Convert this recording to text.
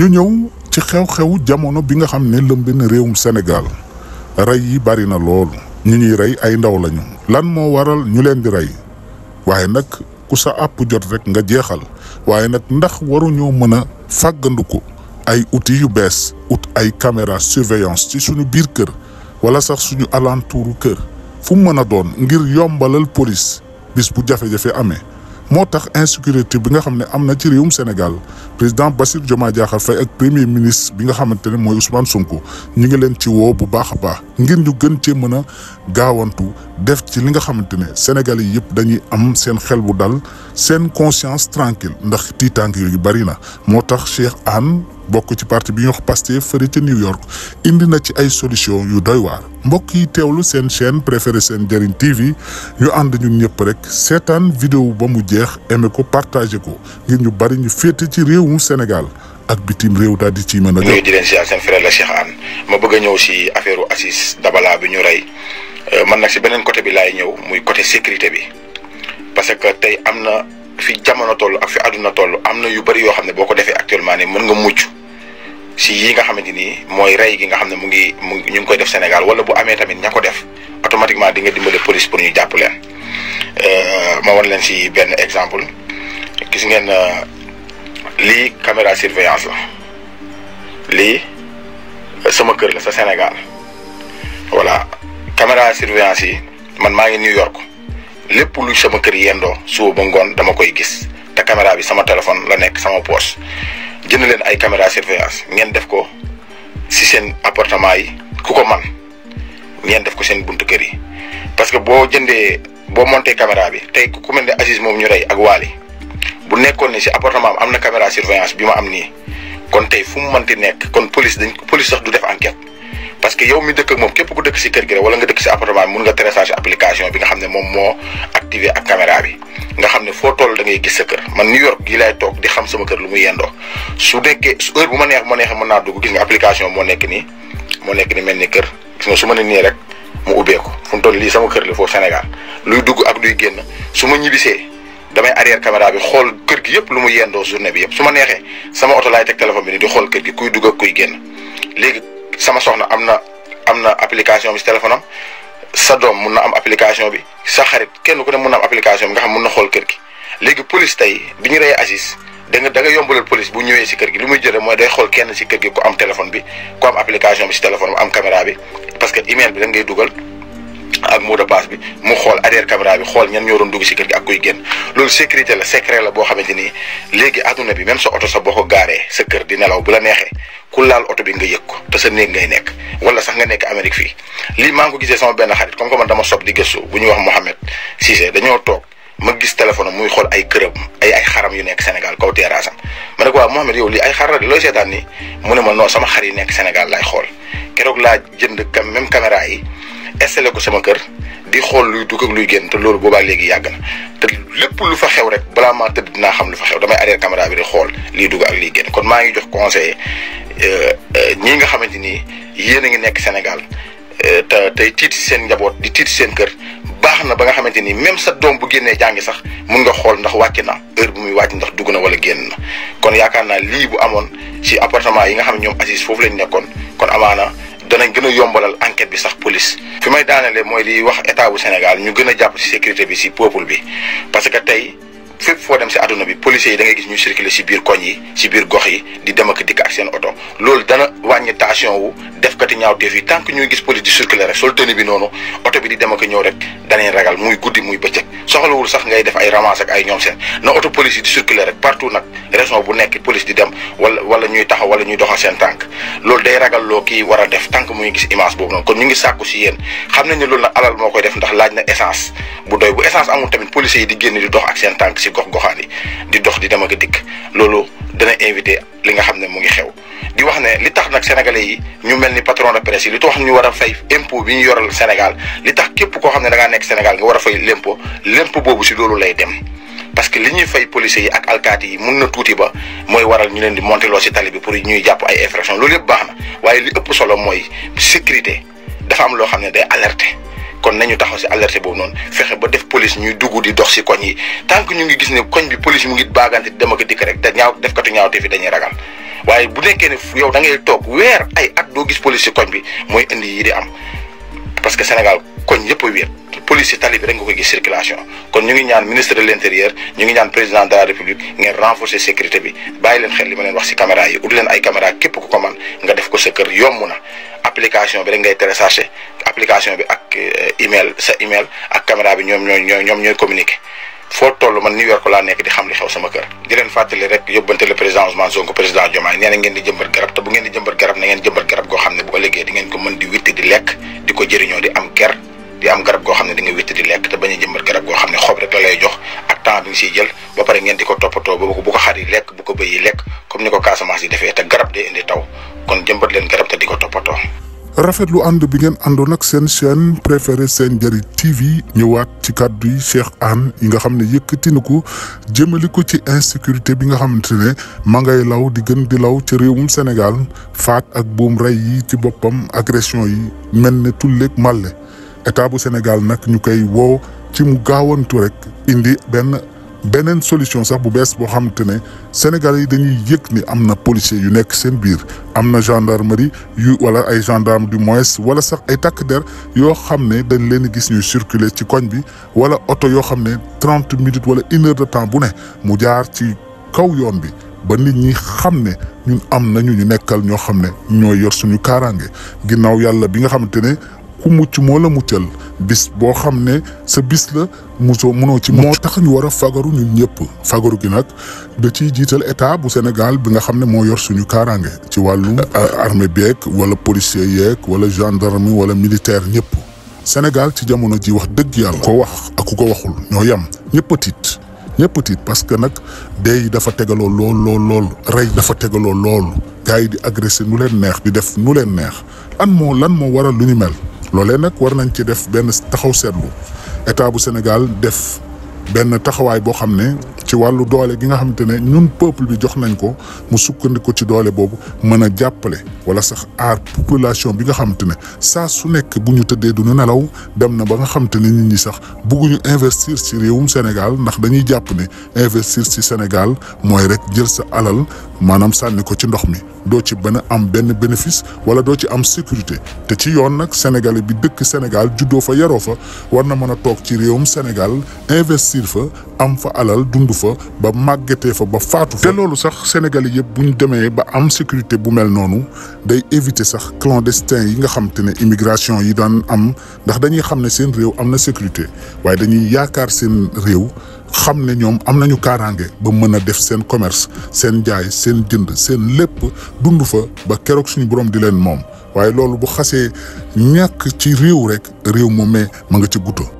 ñu ñew ci xew-xewu jamono bi nga xam ne rewum senegal ray yi bari na lool ñu ñi ray ay ndaw lañu lan mo waral ñu leen di ray waye nak ku sa app jot rek nga jéxal waye nak ndax waru ñu mëna fagganduko ay outil yu bess ut ay caméra surveillance ci suñu biir kër wala sax suñu alentouru kër fu mëna doon ngir yombalal police bis bu jafé jafé amé moo tax insécurité bi nga xam ne am na ci réewum Sénégal président Bassirou Diomaye Diakhar fay ak premier ministre bi nga xamante ne mooy Ousmane Sonko ñu ngi leen ci woo bu baax a baax ngir ñu gën cee mën a gaawantu def ci li nga xamante ne sénégal Sénégalais yëpp dañuy am seen xel bu dal seen conscience tranquille ndax tiitaange yooyu bari na moo tax Cheikh Anne bokk ci parti bi ñu wax Pastef fëri ca New York indi na ci ay solution yu doy waar mbokk yi teewlu seen chaîne préférée seen njëriñ TV ñu ànd ñun ñëpp rek seetaan vidéo ba mu jeex aimé ko partagé ko ngir ñu bari ñu féete ci réew mu Sénégal ak bitim réew daal di ci mën a. ñooy di leen ziar seen frère la Cheikh Anne ma bëgg a ñëw si affaire Aziz Dabala bi ñu rey euh, man nag si beneen côté bi laay ñëw muy côté sécurité bi parce que tey am na fi jamono toll ak fi àdduna toll am na yu bari yoo xam ne boo ko defee actuellement ni mën nga mucc si yi nga xamante ni mooy rey gi nga xam ne mu ngi mu ñu ngi koy def Sénégal wala bu amee tamit ña ko def automatiquement di nga dimbale police pour ñu jàpp leen. Euh, ma wan leen si benn exemple si ngeen euh, lii caméra surveillance la lii euh, sama kër la sa Sénégal voilà caméra surveillance yi man maa ngi New York. lépp lu sama kër yendoo suba ba ngoon dama koy gis te caméra bi sama téléphone la nekk sama poche jënd leen ay caméra surveillance ngeen def ko si seen appartement yi ku ko man ngeen def ko seen buntu kër yi parce que boo jëndee boo monté caméra bi tey ku mel ne Aziz moom ñu rey ak Waly bu nekkoon ne si appartement am am na caméra surveillance bi ma am nii kon tey fu mu mënti nekk kon police dañ police sax du def enquête yow mi dëkk moom képp ku dëkk si kër gi rek wala nga dëkk si appartement mun nga télécharger application bi nga xam ne moom moo activé ak caméra bi nga xam ne foo toll da ngay gis sa kër man New York gii laay toog di xam sama kër lu muy yendoo su nekkee su heure bu ma neex ma neex mën naa dugg gis nga application nekk nii moo nekk ni mel ni kër gis nga su ma ne rek mu ubbeeku fu mu toll lii sama kër la foofu Sénégal luy dugg ak luy génn suma ma ñibbisee damay arrière caméra bi xool kër gi yëpp lu mu yendoo journée bi yëpp su ma neexee sama oto laay teg téléphone bi ni di xool kër gi kuy dugg ak kuy génn léegi sama soxna am na am na application bi si téléphone am sa doom mun na am application bi sa xarit kenn ku ne mun na am application bi nga xam mun na xool kër gi léegi police tey bi ñu reyee Aziz da nga da nga police gi li muy jëlee mooy day xool kenn si kër gi ku am téléphone bi ku am bi si téléphone am caméra bi parce que email bi da ngay dugal ak mot de passe bi mu xool arrière caméra bi xool ñan ñoo doon si kër gi ak kuy génn loolu sécurité la secret la boo xamante ni léegi adduna bi même sa oto sa boo gaaree sa kër di nelaw bu la neexee ku laal oto bi nga yëg ko te sa néeg ngay nekk wala sax nga nekk Amérique fii lii maa ngi ko gisee sama benn xarit comme que man dama sob di gëstu bu ñu wax Mohamed Cissé dañoo toog ma gis téléphone muy xool ay këram ay xaram yu nekk Sénégal kaw terrasse am ma ne ko waaw Mohamed yow lii ay xar la de looy seetaan nii mu ne ma non sama xar yi nekk Sénégal laay xool keroog laa jënd kam même kamera yi installé ko sama kër di xool luy dugg ak luy génn te loolu boobaa léegi yàgg na te lépp lu fa xew rek balaa maa tëdd dinaa xam lu fa xew damay arrière caméra bi di xool liy dugg ak liy génn kon maa ngi jox conseiller Euh, euh, ñii nga xamante ni yéen a ngi nekk Sénégal euh, te tey tiit seen njaboot di tiit seen kër baax na ba nga xamante ni même sa doom bu génnee jàngi sax mun nga xool ndax wàcc na heure bu muy wàcc ndax dugg na wala génn na kon yaakaar naa lii bu amoon ci appartement yi nga xam ne ñoom Aziz foofu lañ nekkoon kon amaana danañ gën a yombalal enquête bi sax police. fi may daanelee mooy li wax état bu Sénégal ñu gën a jàpp ci sécurité bi ci peuple bi parce que tey. fépp foo dem si àdduna bi policiers yi da ngay gis ñu circuler si biir koñ yi si biir gox yi di dem ak dikk ak seen oto loolu dana wàññi tension wu defkati ñaawteef yi tant que ñuy gis police di circuler rek sol tenue bi noonu oto bi di dem ak ñëw rek danañ ragal muy goudi muy bëccëg soxlawul sax ngay def ay ramasse ak ay ñom sen na auto police di circuler rek partout nak région bu nekk police di dem wala wala ñuy taxaw wala ñuy doxal sen tank lool day ragal lo ki wara def tank muy gis image bobu non kon ñu ngi sakku ci yeen xam nañ alal mo koy def ndax laaj na essence bu doy bu essence amul tamit police yi di genn di dox ak sen tank si gox goxani di dox di dem ak dik lolu dana inviter li nga xamne ngi xew di wax ne li tax nag sénégalais yi ñu mel ni patron de presse yi li tax ñu war a fay impôt bi ñu yoral Sénégal li tax képp koo xam ne da nekk Sénégal nga war a fay l'impôt l'impôt boobu si loolu lay dem. parce que li ñuy fay policiers yi ak alkaati yi mun na tuuti ba mooy waral ñu leen di monté si tali bi pour ñuy jàpp ay infraction loolu yëpp baax na waaye li ëpp solo mooy sécurité dafa am loo xam ne day alerte kon nañu taxaw si alerte boobu noonu fexe ba def police ñuy dugg di dox si koñ yi tant ñu ngi gis ne koñ bi police mu ngi baagante di dem ak dikk rek te ñaaw defkatu ñaaw te fi dañuy ragal waaye bu nekkee ne yow da ngay toog weer ay at doo gis police ci koñ bi mooy indi yi di am parce que Sénégal koñ yëpp a wéet police ci tali bi rek nga koy gis circulation kon ñu ngi ñaan ministre de l'intérieur ñu ngi ñaan président de la république ngeen renforcer sécurité bi bàyyi leen xel li ma leen wax ci caméra yi ut leen ay caméra képp ku ko man nga def ko sa kër yomb na application bi rek ngay télécharger application bi ak e email sa email ak caméra bi ñoom ñooy ñoom ñooy communiquer foo toll ma New York laa nekk di xam li xew sama kër di leen fàttali rek yóbbante le président Ousmane Sonko président Diomaye nee ngeen di jëmbat garab te bu ngeen di jëmbat garab na xam ne bu ëllëgee di ngeen ko mën di witti di lekk di ko jëriñoo di am ker am ne di nga witti di lekk te bañ a jëmbat garab goo ne xob rek la lay jox ak temps bi jël ba pare ngeen di ko toppatoo ba bu ko xar yi lekk ko bëy yi lekk comme ni ko Casamance yi defee te garab day indi taw kon jëmbat leen garab te di ko rafetlu ànd bi ngeen àndoon nag seen chaîne préférée seen njëriñ TV ñëwaat ci kàddu yi Cheikh Anne yi nga xam ne yëkkati na ko jëmale ko ci insécurité bi nga xamante ne ma ngay law di gën di law ci réewum Sénégal faat ak boom rey yi ci boppam agression yi mel ne tulleeg màlle état bu Sénégal nag ñu koy woow ci mu gaawantu rek indi benn beneen solution sax bu bees boo xamante ne Sénégal yi dañuy yëg ni am na policier yu nekk seen biir am na gendarmerie yu wala ay gendarme du moins wala sax ay takk der yoo xam ne dañ leen gis ñuy circuler ci koñ bi wala oto yoo xam ne trente minutes wala une heure de temps bu ne mu jaar ci kaw yoon bi ba nit ñi xam ne ñun am nañu ñu nekkal ñoo xam ne ñooy yor suñu kaaraange ginnaaw yàlla bi nga xamante ne ku mucc moo la muccal bis boo xam ne sa bis la musoo munoo ci moo tax ñu war fagaru ñun ñëpp fagaru gi nag da ciy jiital état bu Sénégal bi nga xam ne moo yor suñu kaaraange ci wàllu euh, armée beeg wala policier yeeg wala gendarme wala militaire ñëpp Sénégal ci jamono ji wax dëgg yàlla ko wax ak ko waxul ñoo yem ñëpp a tiit parce que nag dee dafa tegaloo lool lool rey dafa tegaloo lool gars yi di agressé nu leen neex di def nu leen neex lan moo lan moo waral lu ñu mel loolee nag war nañ ci def benn taxaw seetlu état bu Sénégal def benn taxawaay boo xam ne ci wàllu doole gi nga xamante ne ñun peuple bi jox nañ ko mu sukkandiku ci doole boobu mën a jàppale wala sax aar population bi nga xamante ne saa su nekk bu ñu tëddee du ñu nelaw dem na ba nga xamante ne nit ñi sax bëgguñu investir ci réewum Sénégal ndax dañuy jàpp ne investir ci Sénégal mooy rek jël sa alal maanaam sànni ko ci ndox mi doo ci bën a am benn bénéfice wala doo ci am sécurité te ci yoon nag Sénégalais bi dëkk Sénégal juddoo fa yaroo fa war na mën a toog ci réewum Sénégal investir fa am fa alal dund fa ba màggatee fa ba faatu fa te loolu sax Sénégal yëpp bu ñu demee ba am sécurité bu mel noonu day éviter sax clandestin yi nga xam te ne immigration yi daan am ndax dañuy xam ne seen réew am na sécurité waaye dañuy yaakaar seen réew xam ne ñoom am nañu kaaraange ba mën a def seen commerce seen jaay seen jënd seen lépp dund fa ba keroog suñu borom di leen moom waaye loolu bu xasee ñàkk ci réew rek réew moomee ma nga ci guto